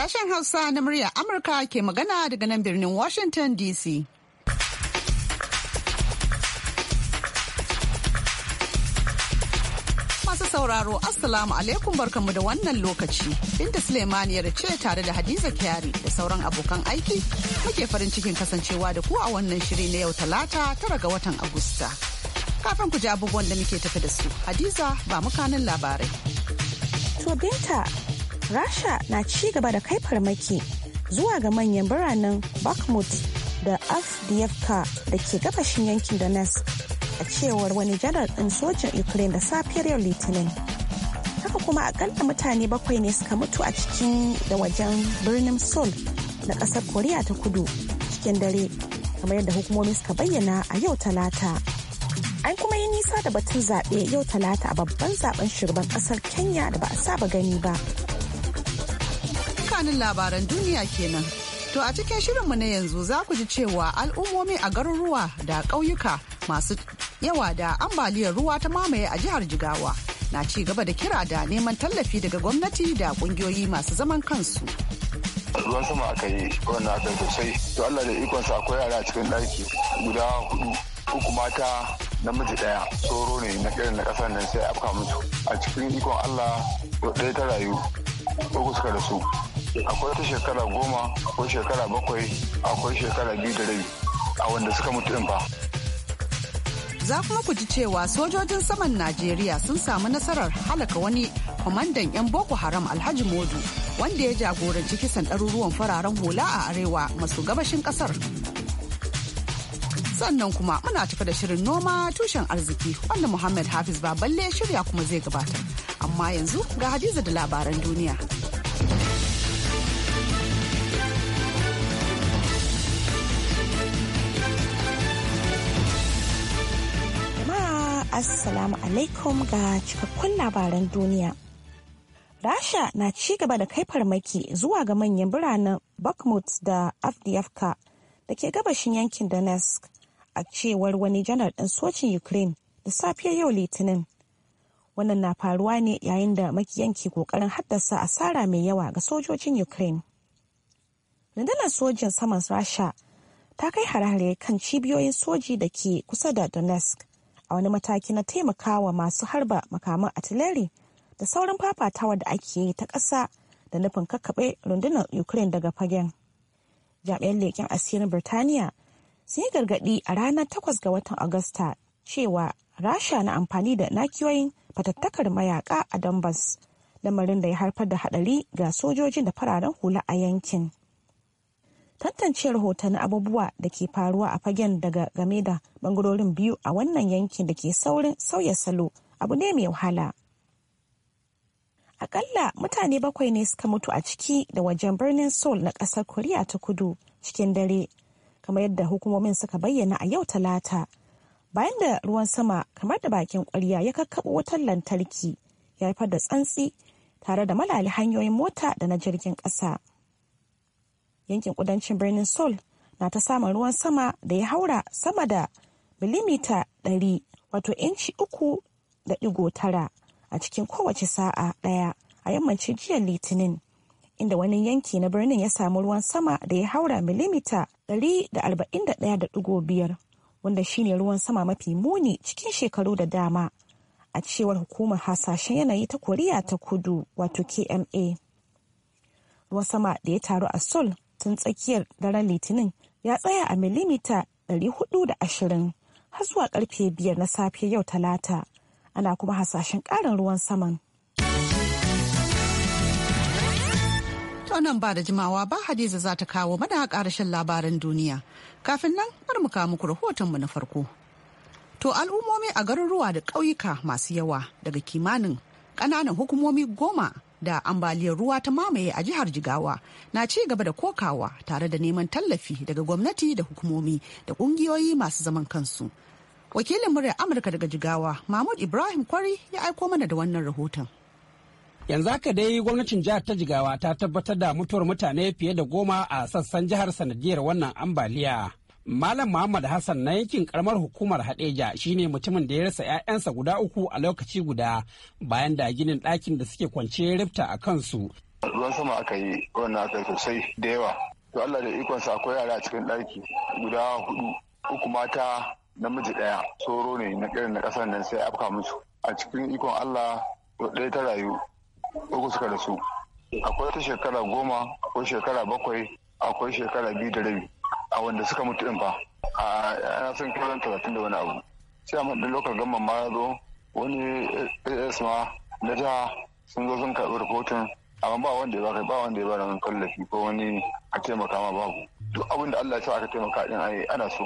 Sashen Hausa na murya Amurka ke magana daga nan birnin Washington DC. Masu sauraro, Assalamu alaikum barkamu, da wannan lokaci. Binta Suleimaniyar ce tare da Hadiza Kyari da sauran abokan aiki muke farin cikin kasancewa da ku a wannan shiri na yau talata tara ga watan Agusta. Kafin ku ji abubuwan da muke tafi da su, Hadiza ba mukanin labarai. To Binta, rasha na ci gaba da kai farmaki zuwa ga manyan biranen bakhmut da afdiyevka da ke gabashin yankin donetsk a cewar wani janar ɗin sojin ukraine da safiyar yau litinin haka kuma akalla mutane bakwai ne suka mutu a cikin da wajen birnin seoul na ƙasar koriya ta kudu cikin dare kamar yadda hukumomi suka bayyana a yau talata an kuma yi nisa da batun zaɓe yau talata a babban zaben shugaban ƙasar kenya da ba a saba gani ba kanin labaran duniya kenan. To a cikin shirinmu na yanzu za ku ji cewa al'ummomi a garuruwa da ƙauyuka masu yawa da ambaliyar ruwa ta mamaye a jihar Jigawa na ci gaba da kira da neman tallafi daga gwamnati da ƙungiyoyi masu zaman kansu. ruwan sama aka yi wannan abin sosai to Allah da ikonsa akwai yara a cikin ɗaki guda hudu uku mata namiji ɗaya tsoro ne na irin na ƙasar nan sai afka mutu a cikin ikon Allah ɗaya ta rayu uku suka rasu akwai ta shekara goma akwai shekara bakwai akwai shekara biyu da rabi a wanda suka mutu ba za kuma ku ji cewa sojojin saman najeriya sun samu nasarar halaka wani kwamandan 'yan boko haram alhaji modu wanda ya jagoranci kisan ɗaruruwan fararen hula a arewa masu gabashin ƙasar sannan kuma muna tafi da shirin noma tushen arziki wanda muhammad hafiz baballe shirya kuma zai gabata amma yanzu ga hadiza da labaran duniya Assalamu alaikum ga cikakkun labaran duniya. Rasha na ci gaba da kai farmaki zuwa ga manyan biranen Bakhmut da Afdiyafka da ke gabashin yankin Donetsk a cewar wani janar ɗin socin Ukraine da safiyar yau Litinin. Wannan na faruwa ne yayin da makiyan ke kokarin haddasa asara mai yawa ga sojojin Ukraine. Rundunar sojin saman Rasha ta kai hare-hare kan cibiyoyin soji da ke kusa da Donetsk a wani mataki na taimakawa masu harba makaman atileri da sauran fafatawa da ake yi ta ƙasa da nufin kakkaɓe rundunar ukraine daga fagen jami'an leƙen asirin birtaniya sun yi gargaɗi a ranar 8 ga watan agusta cewa rasha na amfani da nakiyoyin fatattakar mayaka a donbass lamarin da ya haifar da haɗari ga sojojin da fararen hula a yankin tantance rahoton abubuwa da ke faruwa a fagen daga game da bangarorin biyu a wannan yankin da ke saurin sauya salo abu ne mai wahala akalla mutane bakwai ne suka mutu a ciki da wajen birnin seoul na ƙasar koriya ta kudu cikin dare kamar yadda hukumomin suka bayyana a yau talata bayan da ruwan sama kamar da bakin ƙwarya ya kakkaɓo wutar lantarki ya haifar da tsantsi tare da malali hanyoyin mota da na jirgin ƙasa. yankin kudancin birnin sol na ta samun ruwan sama da ya haura sama da milimita 100 wato inci uku da tara a cikin kowace sa'a daya a yammacin jiya litinin inda wani yanki na birnin ya samu ruwan sama da ya haura milimita 141.5 wanda shine ruwan sama mafi muni cikin shekaru da dama a cewar hukumar hasashen yanayi ta koriya ta kudu wato kma ruwan sama da ya taru a sol tun tsakiyar daren litinin ya tsaya a milimita 420 har zuwa karfe biyar na safe yau talata ana kuma hasashen karin ruwan saman. nan ba da jimawa ba hadiza za ta kawo mana rashin labaran duniya kafin nan har mu kawo muku rahotonmu na farko to al'ummomi a garuruwa da ƙauyuka masu yawa daga kimanin ƙananan hukumomi goma da ambaliyar ruwa ta mamaye a jihar Jigawa na ci gaba da kokawa tare da neman tallafi daga gwamnati da hukumomi da kungiyoyi masu zaman kansu. Wakilin muryar Amurka daga Jigawa, Mahmud Ibrahim Kwari ya aiko mana da wannan rahoton. Yanzu haka dai gwamnatin jihar ta Jigawa ta tabbatar da mutuwar mutane fiye da goma a sassan jihar sanadiyar wannan ambaliya. Malam Muhammad Hassan na yankin karamar hukumar Hadeja shine mutumin da ya rasa 'ya'yansa guda uku a lokaci guda bayan da ginin ɗakin da suke kwance ya rifta a kansu. Ruwan sama aka yi wannan aka sosai da yawa. To Allah da ikonsa akwai yara a cikin ɗaki guda hudu uku mata namiji ɗaya tsoro ne na irin na ƙasar nan sai afka musu. A cikin ikon Allah ɗaya ta rayu uku suka rasu. Akwai ta shekara goma akwai shekara bakwai akwai shekara biyu da rabi. a wanda suka mutu din fa a yana sun kai talatin da wani abu sai a da lokacin gamman ma ya zo wani eh, as ma na jiha sun zo sun karɓi rahoton amma ba wanda ya baka ba wanda ya bada wani tallafi ko wani a taimaka ma babu duk abin da Allah ya sa aka taimaka din ai ana so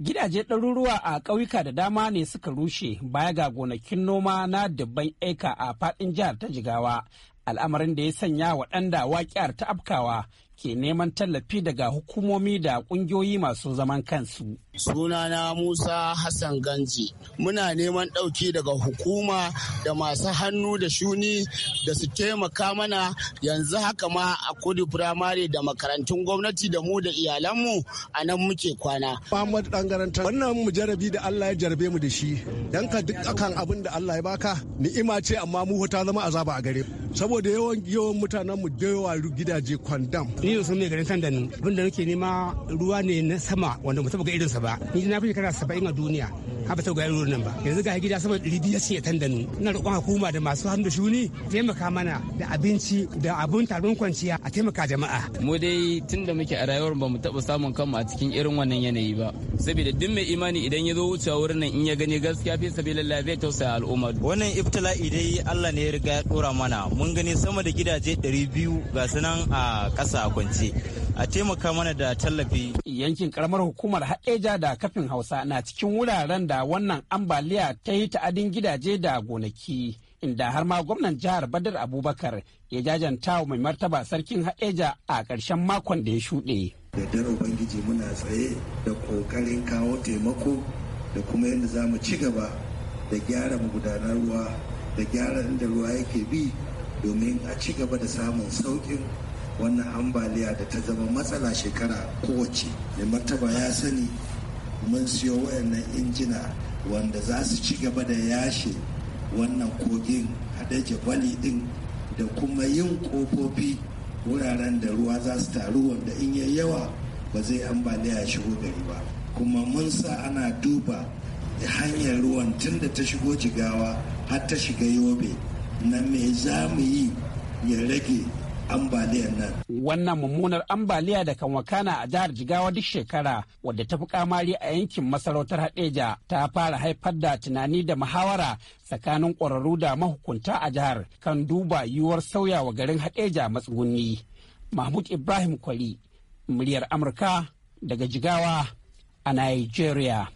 gidaje ɗaruruwa a ƙauyuka da dama ne suka rushe baya ga gonakin noma na dubban eka a faɗin jihar ta jigawa al'amarin da ya sanya waɗanda waƙiyar ta afkawa ke neman tallafi daga hukumomi da ƙungiyoyi masu zaman kansu. Sunana Musa Hassan Ganji. Muna neman ɗauki daga hukuma da masu hannu da shuni da su taimaka mana yanzu haka ma a kudu firamare da makarantun gwamnati da mu da iyalanmu a nan muke kwana. Muhammadu Dangaranta wannan mu jarabi da Allah ya jarabe mu da shi. ka duk akan abin da Allah ya baka ni'ima ce amma mu ta zama azaba a gare saboda yawan yawan mutanen mu da yawa gidaje kwandam. Ni sun mai garin Sandan abin da nake nema ruwa ne na sama wanda mu taba ga sama. ba ni na fi shekara saba'in a duniya ha ba ta ga yaro nan ba yanzu ga gida sama ɗari biyar ce yatan da nu ina roƙon hukuma da masu hannu da shuni taimaka mana da abinci da abun taron kwanciya a taimaka jama'a mu dai tunda muke a rayuwar ba mu taɓa samun kanmu a cikin irin wannan yanayi ba saboda duk mai imani idan ya zo wucewa wurin nan in ya gani gaskiya fi sabilillah zai tausaya al'umma wannan ibtila'i dai Allah ne ya riga ya dora mana mun gani sama da gidaje 200 ga sunan a ƙasa kwance a taimaka mana da tallafi. Yankin karamar hukumar Haɗeja da kafin Hausa na cikin wuraren da wannan ambaliya ta yi ta'adin gidaje da gonaki. Inda har ma gwamnan jihar Badar Abubakar ya jajanta wa mai martaba sarkin Haɗeja a ƙarshen makon da ya shuɗe. Da dare Ubangiji muna tsaye da ƙoƙarin kawo taimako da kuma yadda za mu ci gaba da gyara magudanar ruwa da gyara inda ruwa yake bi domin a ci gaba da samun sauƙin wannan ambaliya da ta zama matsala shekara kowace mai martaba ya sani mun siyo wayannan injina wanda za su ci gaba da yashe wannan kogin haɗe jabali ɗin da kuma yin kofofi wuraren da ruwa za su taru wanda in yi yawa ba zai ambaliya shigo gari ba kuma mun sa ana duba hanyar ruwan tun da ta shigo jigawa har ta shiga yobe na me za mu yi ya rage ambaliyar nan. Wannan mummunar ambaliya da kan wakana a jihar Jigawa duk shekara wadda ta fi kamari a yankin masarautar Hadeja ta fara haifar da tunani da muhawara tsakanin ƙwararru da mahukunta a jihar kan duba yiwuwar sauya wa garin Hadeja matsuguni. Mahmud Ibrahim Kwali, muryar Amurka daga Jigawa a Nigeria.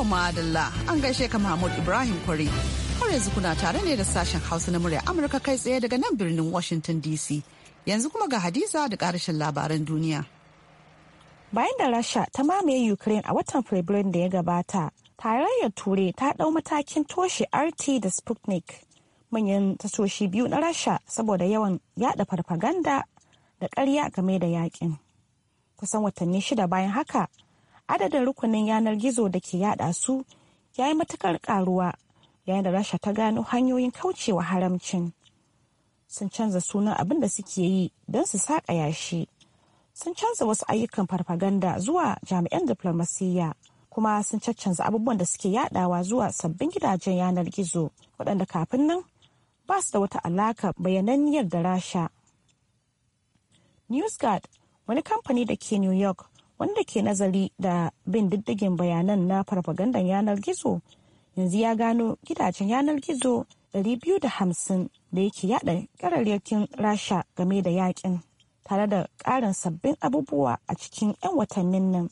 To ma'adalla an gaishe ka Mahmud Ibrahim Kwari. Har yanzu kuna tare ne da sashen Hausa na murya Amurka kai tsaye daga nan birnin Washington DC. Yanzu kuma ga Hadiza da karashin labaran duniya. Bayan da Rasha ta mamaye Ukraine a watan Fabrairu da ya gabata, tarayyar Turai ta ɗau matakin toshe RT da Sputnik. Manyan tasoshi biyu na Rasha saboda yawan yada farfaganda da ƙarya game da yakin. Kusan watanni shida bayan haka, adadin rukunin yanar gizo da ke yada su ya yi matukar karuwa yayin da rasha ta gano hanyoyin kaucewa haramcin sun canza sunan abin da suke yi don su saƙa yashi sun canza wasu ayyukan farfaganda zuwa jami'an diplomasiyya kuma sun caccanza abubuwan da suke yadawa zuwa sabbin gidajen yanar gizo waɗanda kafin nan ba su da wata alaka bayananniyar da rasha newsguard wani kamfani da ke new york wanda ke nazari da bin diddigin bayanan na farfagandan yanar gizo yanzu ya gano gidajen yanar gizo 250 da yake yada kararrakin rasha game da yakin tare da karin sabbin abubuwa a cikin 'yan watannin nan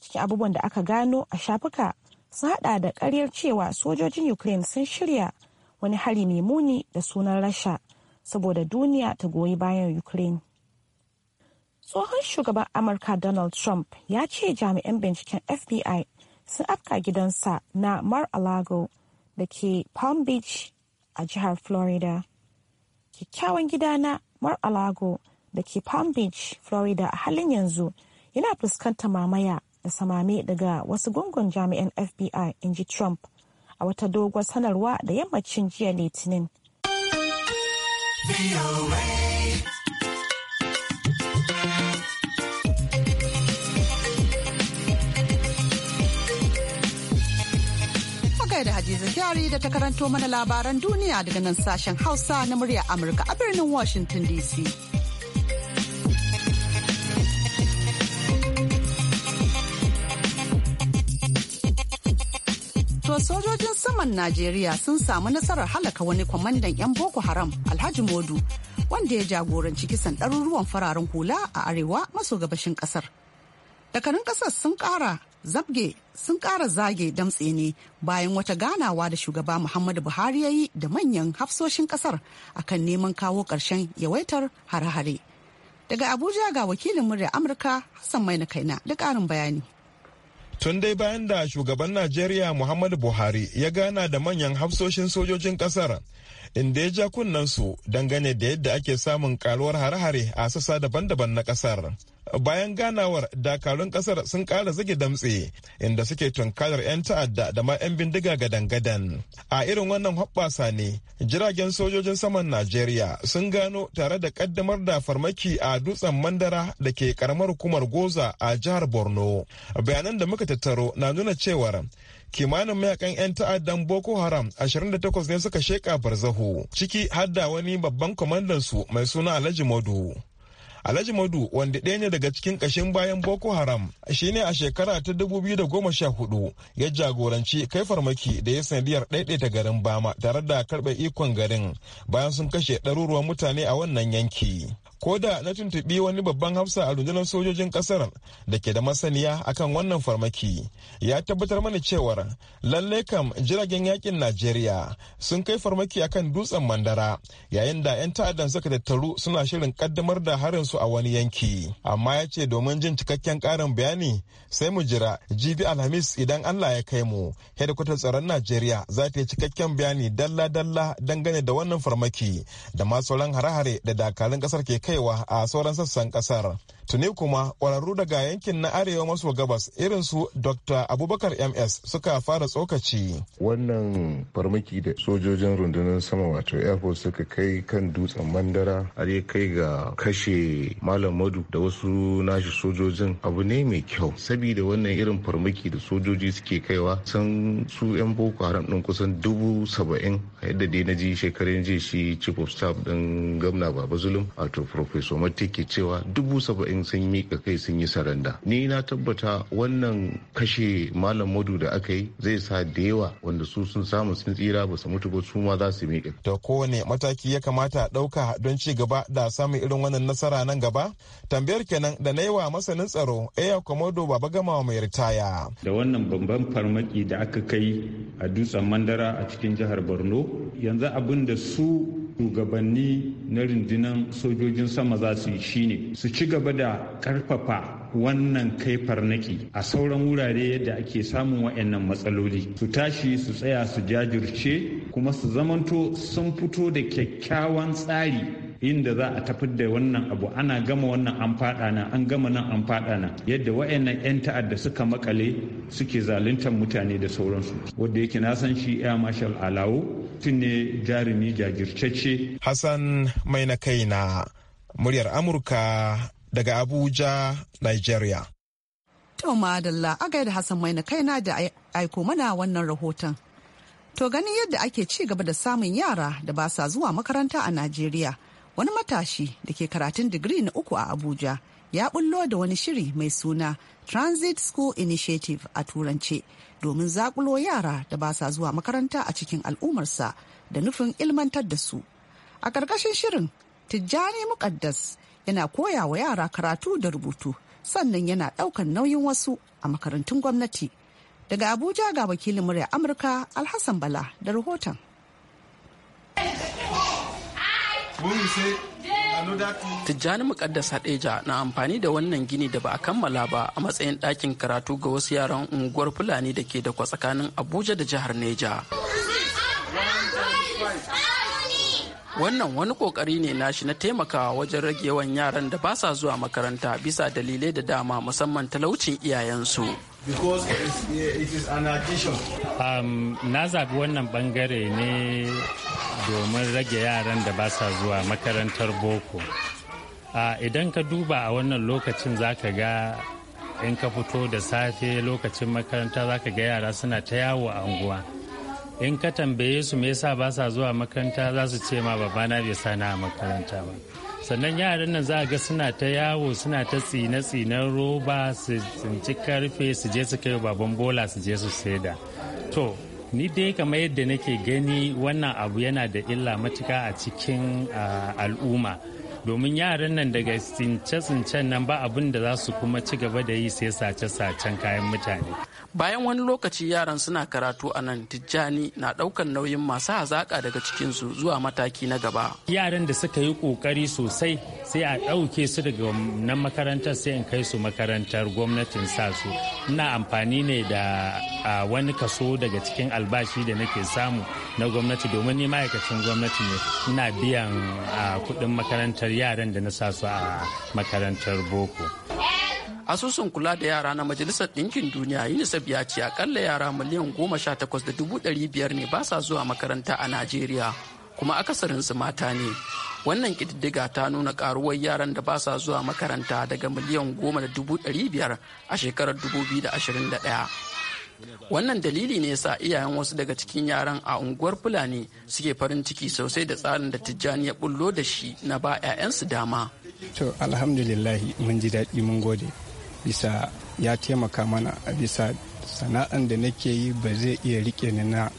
cikin abubuwan da aka gano a shafuka sun hada da karyar cewa sojojin ukraine sun shirya wani hari mai muni da sunan rasha saboda duniya ta goyi bayan ukraine tsohon shugaban amurka donald trump ya ce jami'an binciken fbi sun afka gidansa na mar-a-lago da ke palm beach a jihar florida kyakkyawan gida na mar-a-lago da ke palm beach florida a halin yanzu yana fuskantar mamaya da samame daga wasu gungun jami'an fbi in ji trump a wata doguwar sanarwa da yammacin jiya litinin. gaida da Hadiza Kyari da ta karanto mana labaran duniya daga nan sashen Hausa na muryar Amurka a birnin Washington DC. To sojojin saman Najeriya sun samu nasarar halaka wani kwamandan 'yan Boko Haram Alhaji Modu wanda ya jagoranci kisan ɗaruruwan fararen hula a arewa maso gabashin ƙasar. Dakarun ƙasar sun ƙara zabge sun kara zage damtse ne bayan wata ganawa da shugaba muhammadu buhari ya yi da manyan hafsoshin kasar akan neman kawo karshen yawaitar hare-hare daga abuja ga wakilin murya amurka hassan mai na kaina da karin bayani tun dai bayan da shugaban najeriya muhammadu buhari ya gana da manyan hafsoshin sojojin kasar inda ya ja su dangane da yadda ake samun karuwar hare-hare a sassa daban-daban na kasar. bayan ganawar dakarun kasar sun kara zage damtse inda suke tunkarar 'yan ta'adda da ma 'yan bindiga gadan-gadan a irin wannan hoɓɓasa ne jiragen sojojin saman najeriya sun gano tare da kaddamar da farmaki a dutsen mandara da ke karamar hukumar goza a jihar borno bayanan da muka tattaro na nuna cewar kimanin mayakan 'yan ta'addan boko haram 28 ne suka sheka barzahu ciki hadda wani babban kwamandansu mai suna alhaji modu Alhaji Madu wanda ɗaya ne daga cikin ƙashin bayan Boko Haram shine a shekara ta 2014 ya jagoranci kai farmaki da ya sanadiyar ɗaiɗaita garin Bama tare da karɓe ikon garin bayan sun kashe ɗaruruwan mutane a wannan yanki. ko da na tuntuɓi wani babban hafsa a rundunar sojojin ƙasar da ke da masaniya akan wannan farmaki ya tabbatar mana cewar lalle kam jiragen yakin najeriya sun kai farmaki akan dutsen mandara yayin da 'yan ta'addan suka tattaru suna shirin kaddamar da harin su a wani yanki amma ya ce domin jin cikakken ƙarin bayani sai mu jira jibi alhamis idan allah ya kai mu hedikwatar tsaron najeriya za ta yi cikakken bayani dalla-dalla dangane da wannan farmaki da ma sauran hare-hare da dakarun ƙasar ke kai kaiwa a sauran sassan kasar tuni kuma kwararru daga yankin na arewa maso gabas irin su dr abubakar ms suka fara tsokaci wannan farmaki da sojojin rundunar sama wato air force suka kai kan dutsen mandara har ya kai ga kashe malam madu da wasu nashi sojojin abu ne mai kyau saboda wannan irin farmaki da sojoji suke kaiwa san su yan boko haram din kusan dubu saba'in a yadda dai na ji shekarun jiya shi chief of staff din gamna baba zulum wato professor mattake cewa dubu saba'in sun miƙa kai sun yi saranda ni na tabbata wannan kashe malam madu da aka yi zai sa da yawa wanda su sun samu sun tsira ba su mutu ba su ma za su miƙa to kowane mataki ya kamata dauka don ci gaba da samun irin wannan nasara nan gaba tambayar kenan da na yi wa masanin tsaro aya komodo baba gama mai ritaya da wannan babban farmaki da aka kai a dutsen mandara a cikin jihar borno yanzu abin da su shugabanni na rundunar sojojin sama za su yi shine su ci gaba da karfafa wannan kai farnaki a sauran wurare yadda ake samun wa'annan matsaloli su tashi su tsaya su jajirce kuma su zamanto sun fito da kyakkyawan tsari inda za a tafi da wannan abu ana gama wannan an fada nan an gama nan an fada nan yadda wayannan yan ta'adda suka makale suke zaluntar mutane da sauransu wanda yake na san shi ya marshal alawo tun ne jarumi jajirtacce hassan mai na kaina muryar amurka daga abuja nigeria To madalla a gaida Hassan mai na kaina da aiko mana wannan rahoton. To ganin yadda ake ci gaba da samun yara da ba sa zuwa makaranta a Najeriya. wani matashi da ke karatun digiri na uku a abuja ya bullo da wani shiri mai suna transit school initiative a turance domin zakulo yara da ba sa zuwa makaranta a cikin al'ummarsa da nufin ilmantar da su a ƙarƙashin shirin tijjani muƙaddas yana koya wa yara karatu da rubutu sannan yana ɗaukan nauyin wasu a makarantun gwamnati daga abuja ga wakilin murya amurka alhassan bala da rahoton Tijjani Mukaddasa Deja na amfani da wannan gini da ba a kammala ba a matsayin ɗakin karatu ga wasu yaran unguwar Fulani da ke da kwa tsakanin Abuja da jihar Neja. wannan wani kokari ne nashi na taimakawa wajen rage yawan yaran da ba sa zuwa makaranta bisa dalilai da dama musamman talaucin iyayensu um, na zabi wannan bangare ne domin rage yaran da ba sa zuwa makarantar boko idan ka duba a wannan lokacin za ka ga in ka fito da safe lokacin makaranta za ka ga yara suna ta yawo a unguwa in ka tambaye su me yasa ba sa zuwa makaranta za su ce ma babana bai sana a makaranta ba sannan yaran nan za a ga suna ta yawo suna ta tsine-tsinen roba su tsinci karfe su je su kai baban bola su je su saida to ni dai kamar yadda nake gani wannan abu yana da illa matuka a cikin al'umma domin yaran nan daga tsince-tsincen nan ba abin da za su kuma ci gaba da yi sai sace-sacen kayan mutane. Bayan wani lokaci yaran suna karatu a nan Tijjani na ɗaukan nauyin masu hazaka daga cikinsu zuwa mataki na gaba. Yaran da suka yi ƙoƙari sosai sai a ɗauke su daga nan makarantar sai in kai su makarantar gwamnatin sa su. Ina amfani ne da wani kaso daga cikin albashi da nake samu na gwamnati domin ni ma'aikacin gwamnati ne ina biyan kuɗin makarantar yaran da na sa su a makarantar boko asusun kula da yara na majalisar ɗinkin duniya unicef ya ce akalla yara miliyan goma sha takwas da dubu ɗari biyar ne ba sa zuwa makaranta a najeriya kuma akasarinsu mata ne wannan ƙididdiga ta nuna karuwar yaran da ba sa zuwa makaranta daga miliyan goma da dubu ɗari biyar a shekarar dubu biyu da ashirin da ɗaya Wannan dalili ne yasa iyayen wasu daga cikin yaran a unguwar Fulani suke farin ciki sosai da tsarin da Tijjani ya bullo da shi na ba 'ya'yansu dama. To alhamdulillahi mun ji daɗi mun gode bisa ya taimaka mana a bisa sana'an da nake yi ba zai iya rike ni na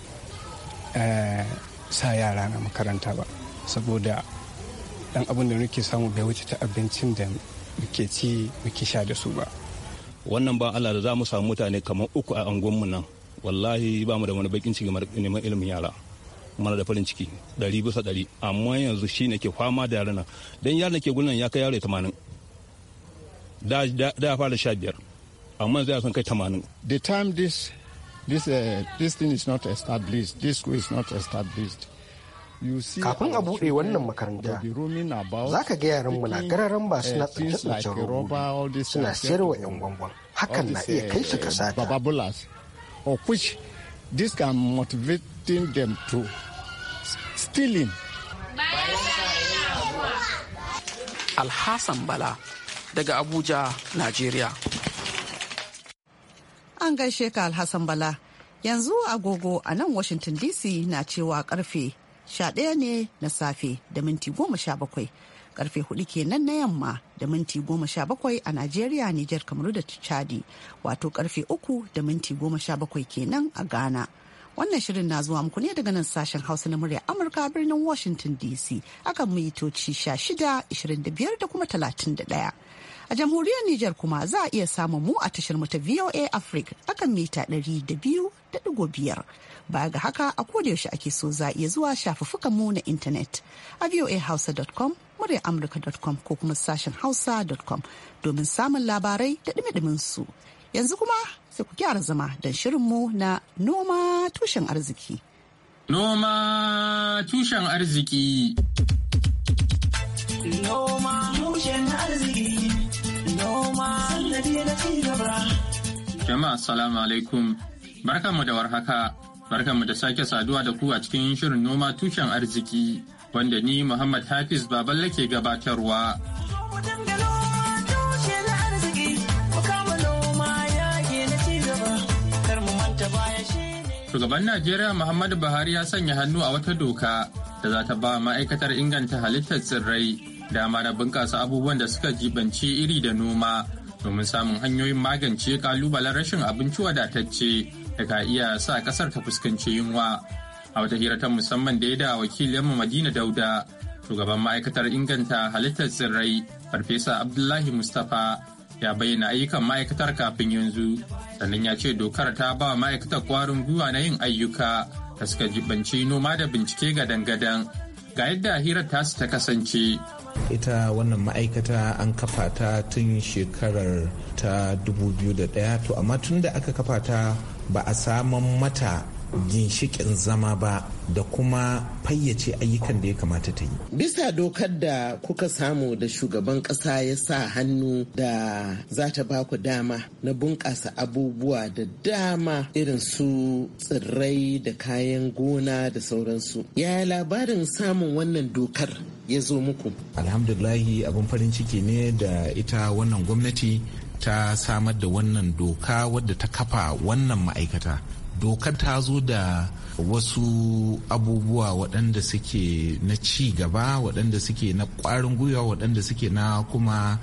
eh, sa yara na makaranta ba saboda dan abin da nake samu bai wuce ta abincin da muke ci muke sha da su ba wannan ba Allah da za mu samu mutane kamar uku a angonmu nan wallahi ba mu da wani bakin ciki neman ilimin yara mana da farin ciki ɗari bisa ɗari amma yanzu shi ne ke fama da yaran nan don yaran ke gudunan ya kai yaro tamanin da ya fara sha biyar amma zai sun kai tamanin. the time this this uh, this thing is not established this school is not established kafin a buɗe wannan makaranta za ka ga mu na gararan ba eh, suna tsince-tsincen robobi suna wa 'yan gwangwan hakan na iya eh, kai su kasata this can motivate them to stealing. Alhassan Bala daga Abuja, Najeriya. An gaishe ka Alhassan Bala. Yanzu agogo a nan Washington DC na cewa karfe 11 ne na safe da minti 17 karfe 4 kenan na yamma da minti 17 a Najeriya, Nijar, Kamaru da Chadi wato karfe 3 da minti 17 kenan a Ghana. Wannan shirin na zuwa muku ne daga nan sashen Hausa na murya Amurka birnin Washington DC akan mitoci 16, da kuma 31. a jamhuriyar Nijar kuma za a iya samun mu a tashar mu ta VOA Africa akan mita 200 biyar Baya ga haka a kodayaushe ake so za iya zuwa mu na intanet a voahausa.com muryar amurka.com ko kuma sashen hausa.com domin samun labarai da dumi su. Yanzu kuma sai ku gyara zama don shirinmu na noma tushen arziki. Noma tushen arziki. Noma tushen arziki. Noma sannadi na ci gaba. Jama'a salamu alaikum. mu da warhaka, barkanmu da sake saduwa da ku a cikin shirin noma tushen arziki wanda ni Muhammad Hafiz Baballe ke gabatarwa. Shugaban Najeriya Muhammadu Buhari ya sanya hannu a wata doka da za ta ba ma'aikatar inganta halittar tsirrai dama da bunƙasa abubuwan da suka jibanci iri da noma domin samun hanyoyin magance kalubalen rashin abinci wadatacce da ka iya sa kasar ta fuskanci yunwa a wata hira ta musamman da ya da yamma madina dauda shugaban ma'aikatar inganta halittar tsirrai farfesa abdullahi mustapha ya bayyana ayyukan ma'aikatar kafin yanzu sannan ya ce dokar ta ba ma'aikatar kwarin gwiwa na yin ayyuka da suka jibanci noma da bincike ga dangadan ga yadda hirar tasu ta kasance ita wannan ma'aikata an kafa ta tun shekarar ta 2001 to amma tun da aka kafa ta ba a saman mata ginshikin zama ba da kuma fayyace ayyukan da ya kamata ta yi. Bisa dokar da kuka samu da shugaban ƙasa ya sa hannu da za ta ba ku dama na bunƙasa abubuwa da dama irin su tsirrai da kayan gona da sauransu. Yaya labarin samun wannan dokar ya zo muku? Alhamdulahi abin farin ciki ne da ita wannan gwamnati ta samar da wannan doka wadda ta kafa wannan ma'aikata dokar ta zo da wasu abubuwa waɗanda suke na ci gaba waɗanda suke na ƙwarin gwiwa waɗanda suke na kuma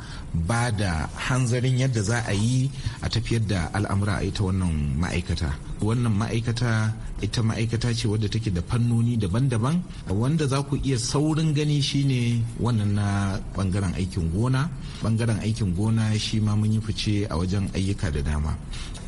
ba da hanzarin yadda za a yi a tafiyar da al'amura a ita wannan ma'aikata wannan ma'aikata ita ma'aikata ce wadda take da fannoni daban-daban wanda za ku iya saurin gani shine wannan na bangaren aikin gona bangaren aikin gona shi ma mun yi fice a wajen ayyuka da dama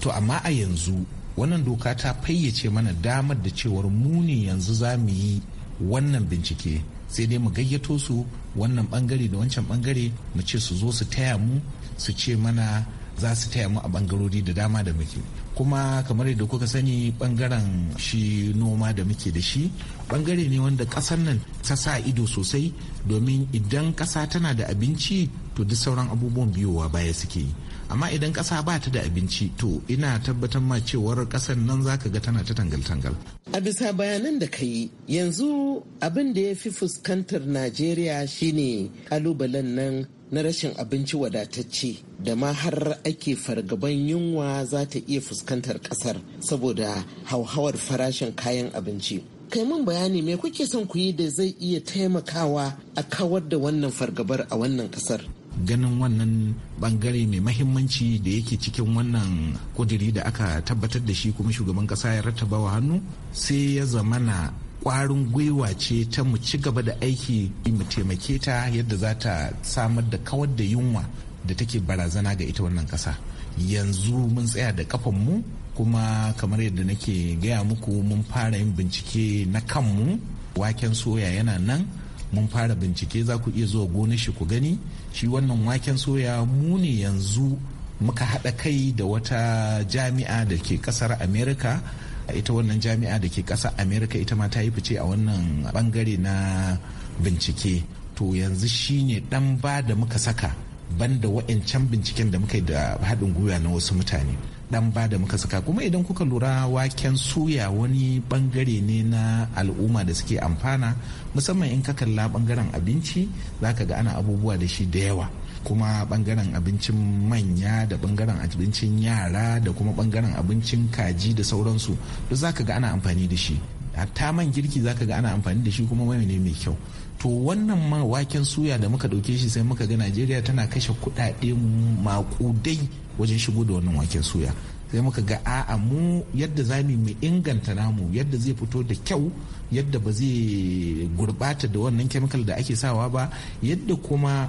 to amma a yanzu wannan doka ta fayyace mana damar da cewar mu ne yanzu za mu yi wannan bincike sai dai mu gayyato su wannan bangare da wancan bangare mu ce su zo su taya mu su ce mana za su taya mu a bangarori da dama da muke kuma kamar yadda kuka sani bangaren shi noma da muke da shi bangare ne wanda kasar nan ta sa ido sosai domin idan kasa tana da abinci to duk sauran abubuwan biyowa baya suke yi amma idan ƙasa ba ta da abinci to ina tabbatar ma cewar ƙasar nan zaka ga tana ta tangal-tangal a bisa bayanan da ka yi yanzu abin da ya fi fuskantar najeriya shine kalubalen nan na rashin abinci wadatacce da ma har ake fargaban yunwa za ta iya fuskantar kasar saboda hauhawar farashin kayan abinci kai mun bayani me kuke son ku yi da zai iya taimakawa a kawar da wannan fargabar a wannan kasar ganin wannan bangare mai mahimmanci da yake cikin wannan kudiri da aka tabbatar da shi kuma shugaban kasa ya rattaba wa hannu sai ya zamana kwarin gwiwa ce ta mu ci gaba da aiki mu taimake ta yadda za ta samar da kawar da yunwa da take barazana ga ita wannan kasa yanzu mun tsaya da kafanmu kuma kamar yadda nake gaya muku mun fara yin bincike na kanmu waken soya yana nan mun fara bincike za ku iya zuwa gonar shi ku gani shi wannan waken soya mu ne yanzu muka haɗa kai da wata jami'a da ke ƙasar america ita wannan jami'a da ke ƙasar america ita ma ta yi fice a wannan ɓangare na bincike to yanzu shi ne ɗan ba da muka saka banda waɗancan binciken da muka yi da haɗin gwiwa na wasu mutane dan ba da muka saka kuma idan kuka lura waken suya wani bangare ne na al'umma da suke amfana musamman in ka kalla bangaren abinci zaka ga ana abubuwa da shi da yawa kuma bangaren abincin manya da bangaren abincin yara da kuma bangaren abincin kaji da sauransu duk zaka ga ana amfani da shi hatta man girki zaka ga ana amfani da shi kuma mai ne mai kyau to wannan ma waken suya da muka ɗauke shi sai muka ga najeriya tana kashe kuɗaɗe maƙudai wajen shigo da wannan waken suya sai muka ga a'a mu yadda za mu inganta namu yadda zai fito da kyau yadda ba zai gurbata da wannan kemikal da ake sawa ba yadda kuma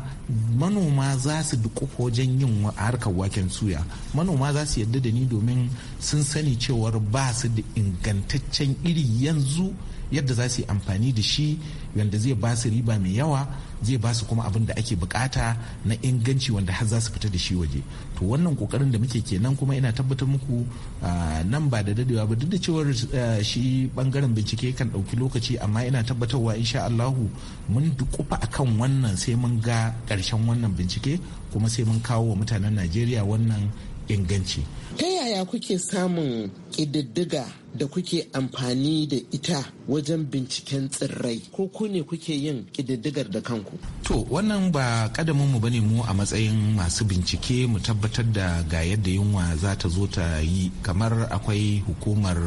manoma za su dukufa wajen yin harkar waken suya manoma za su yadda da ni domin sun sani cewar ba su da ingantaccen iri yanzu yadda za su yi amfani da shi wanda zai ba su riba mai yawa zai ba su kuma abin da ake bukata na inganci wanda har za su fita da shi waje to wannan kokarin da muke kenan kuma ina tabbatar muku ah, nan ba da dadewa ba duk da cewar eh, shi bangaren bincike kan dauki ɗauki lokaci amma ina tabbatarwa insha Allahu mun dukufa akan wannan sai mun ga ƙarshen wannan bincike kuma sai mun kawo wa mutanen Najeriya wannan inganci. ta yaya kuke samun ƙididdiga da kuke amfani da ita wajen binciken tsirrai ko ku ne kuke yin ƙididdigar da kanku to wannan ba kadamin mu bane mu a matsayin masu bincike mu tabbatar da ga yadda yunwa za ta zo ta yi kamar akwai hukumar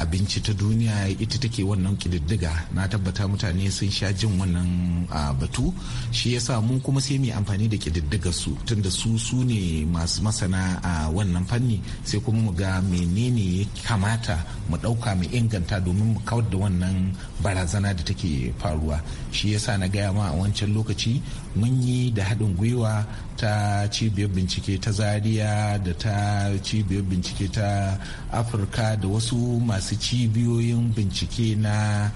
abinci ta duniya ita take wannan ƙididdiga na tabbata mutane sun sha jin wannan batu shi yasa mu kuma sai mu amfani da ƙididdigar su tunda su su ne masu masana a wannan wannan fanni sai kuma mu ga menene ya kamata mu ɗauka mu inganta domin mu kawar da wannan barazana da take faruwa shi yasa na gaya ma a wancan lokaci mun yi da haɗin gwiwa ta cibiyar bincike ta zaria da ta cibiyar bincike ta afirka da wasu masu cibiyoyin bincike na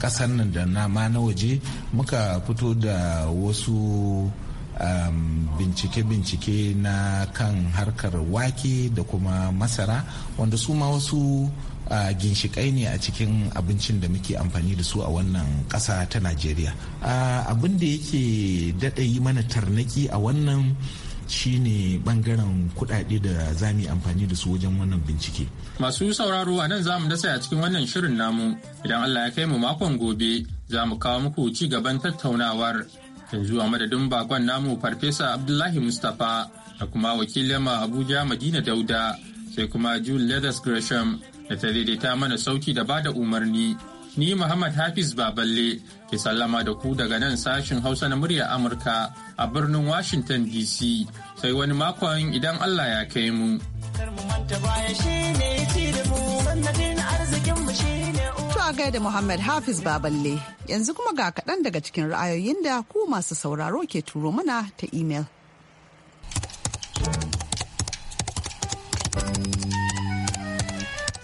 ƙasar nan da nama na waje muka fito da wasu Um, bincike-bincike na kan harkar wake da kuma masara wanda su ma wasu uh, ginshikai ne a cikin abincin da muke amfani da su a wannan ƙasa ta najeriya uh, abin da yake daɗa yi mana tarnaki a wannan shine bangaren kuɗaɗe da za amfani da su wajen wannan bincike. Masu sauraro a nan zamu dasa a cikin wannan shirin namu idan Allah ya kai mu makon gobe za mu kawo muku ci gaban tattaunawar yanzu a madadin bakon namu farfesa abdullahi mustapha da kuma wakilin abuja madina dauda sai kuma June leathers gresham da ta daidaita mana sauki da bada umarni ni muhammad hafiz baballe ke sallama da ku daga nan sashin hausa na murya amurka a birnin washington dc sai wani makon idan allah ya kai mu. a da Muhammad Hafiz Baballe yanzu kuma ga kaɗan daga cikin ra'ayoyin da ku masu sauraro ke turo mana ta imel.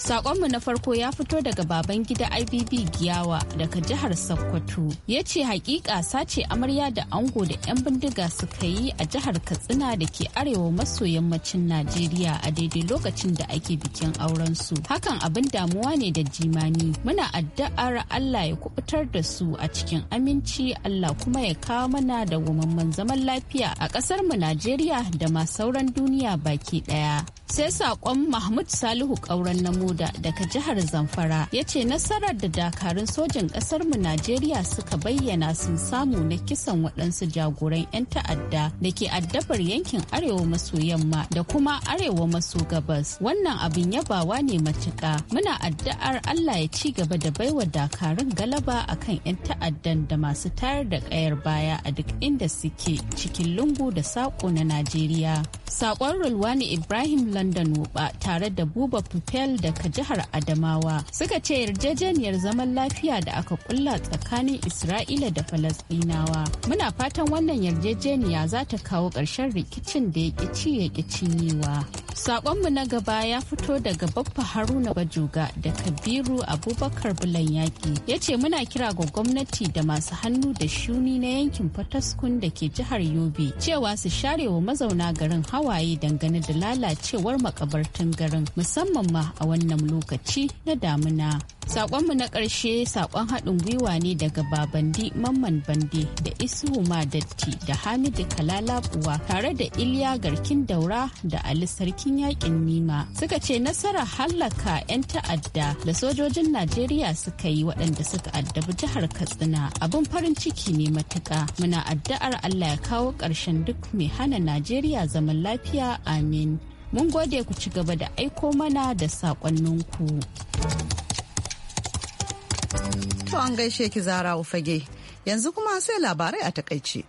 Sakonmu na farko ya fito daga baban gida IBB Giyawa daga jihar Sokoto. Ya ce hakika sace amarya da ango da 'yan bindiga suka yi a jihar Katsina da ke arewa maso yammacin Najeriya a daidai lokacin da ake bikin auren su. Hakan abin damuwa ne da jimani. Muna addu'ar Allah ya kubutar da su a cikin aminci Allah kuma ya kawo mana da gumamman zaman lafiya a ƙasar mu Najeriya da ma sauran duniya baki ɗaya. Sai saƙon Mahmud Salihu ƙauren namo Dauda daga jihar Zamfara ya ce nasarar da dakarun sojin mu Najeriya suka bayyana sun samu na kisan waɗansu jagoran 'yan ta'adda da ke addabar yankin arewa maso yamma da kuma arewa maso gabas. Wannan abin yabawa ne matuƙa. Muna addu'ar Allah ya ci gaba da baiwa dakarun galaba akan 'yan ta'addan da masu tayar da ƙayar baya a duk inda suke cikin lungu da saƙo na Najeriya. Saƙon Rulwani Ibrahim London Wuba tare da Buba Pupel da daga jihar Adamawa suka ce yarjejeniyar zaman lafiya da aka kulla tsakanin Isra'ila da Falasɗinawa. Muna fatan wannan yarjejeniya za ta kawo ƙarshen rikicin da ya ci ya yiwa. Saƙonmu na gaba ya fito daga Baffa Haruna Bajoga da Kabiru Abubakar Bulan Yaƙi ya ce muna kira ga gwamnati da masu hannu da shuni na yankin Fataskun da ke jihar Yobe cewa su share wa mazauna garin hawaye dangane da lalacewar makabartan garin musamman ma a wannan wannan lokaci na damuna. Sakonmu na ƙarshe sakon haɗin gwiwa ne daga Babandi Mamman bandi da Isuhu Madatti da Hamidu Kalalabuwa tare da Iliya Garkin Daura da Ali Sarkin Yaƙin Nima. Suka ce nasarar hallaka 'yan ta'adda da sojojin Najeriya suka yi waɗanda suka addabi jihar Katsina abin farin ciki ne matuka Muna addu'ar Allah ya kawo ƙarshen duk mai hana Najeriya zaman lafiya amin. Mun gode ku ci gaba da aiko mana da saƙonninku. To an gaishe ki zara fage yanzu kuma sai labarai a takaice.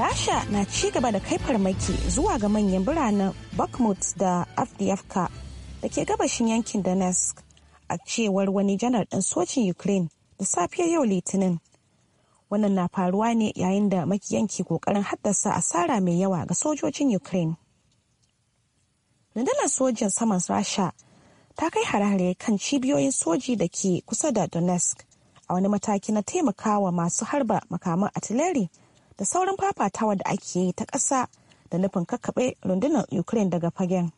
Rasha na ci gaba da kai farmaki zuwa ga manyan biranen Bakhmut da Afdiyafka da ke gabashin yankin Donetsk a cewar wani janar ɗin sojin Ukraine da safiyar yau Litinin. wannan na faruwa ne yayin da makiyan ke kokarin haddasa asara mai yawa ga sojojin ukraine rundunar sojin saman rasha ta kai hare kan cibiyoyin soji da ke kusa da donetsk a wani mataki na taimakawa masu harba makaman atileri da sauran fafatawa da ake yi ta ƙasa da nufin kakkaɓe rundunar ukraine daga fagen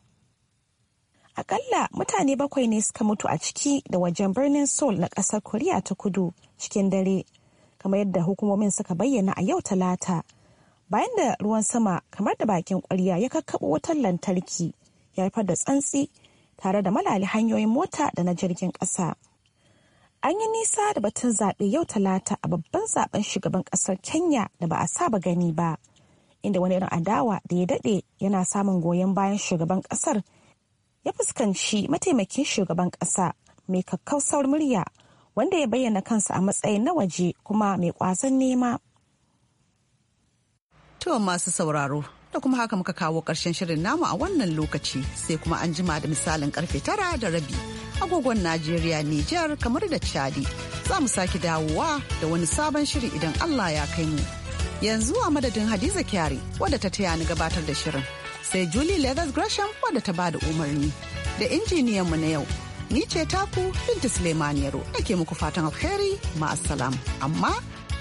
akalla mutane bakwai ne suka mutu a ciki da wajen birnin seoul na ƙasar koriya ta kudu cikin dare kamar yadda hukumomin suka bayyana a yau talata bayan da ruwan sama kamar da bakin kwarya ya kakkaɓo wutar lantarki ya haifar da tsantsi tare da malali hanyoyin mota da na jirgin ƙasa. An yi nisa da batun zaɓe yau talata a babban zaben shugaban ƙasar Kenya da ba a saba gani ba, inda wani irin adawa da ya daɗe yana samun goyon bayan shugaban ƙasar ya fuskanci mataimakin shugaban ƙasa mai kakkausar murya wanda ya bayyana kansa a matsayin na waje kuma mai kwazon nema. To masu sauraro da kuma haka muka kawo ƙarshen shirin namu a wannan lokaci sai kuma an jima da misalin karfe tara da rabi agogon Najeriya Nijar kamar da Chadi za mu sake dawowa da wani sabon shiri idan Allah ya kai mu. Yanzu a madadin Hadiza Kyari wadda ta taya ni gabatar da shirin sai Julie Leathers Gresham wadda ta ba da umarni da injiniyanmu na yau ni ce taku Binta Suleiman Yaro nake muku fatan alheri ma'asalam amma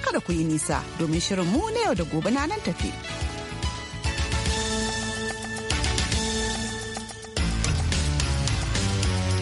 kada ku yi nisa domin shirin mu na yau da gobe na nan tafi.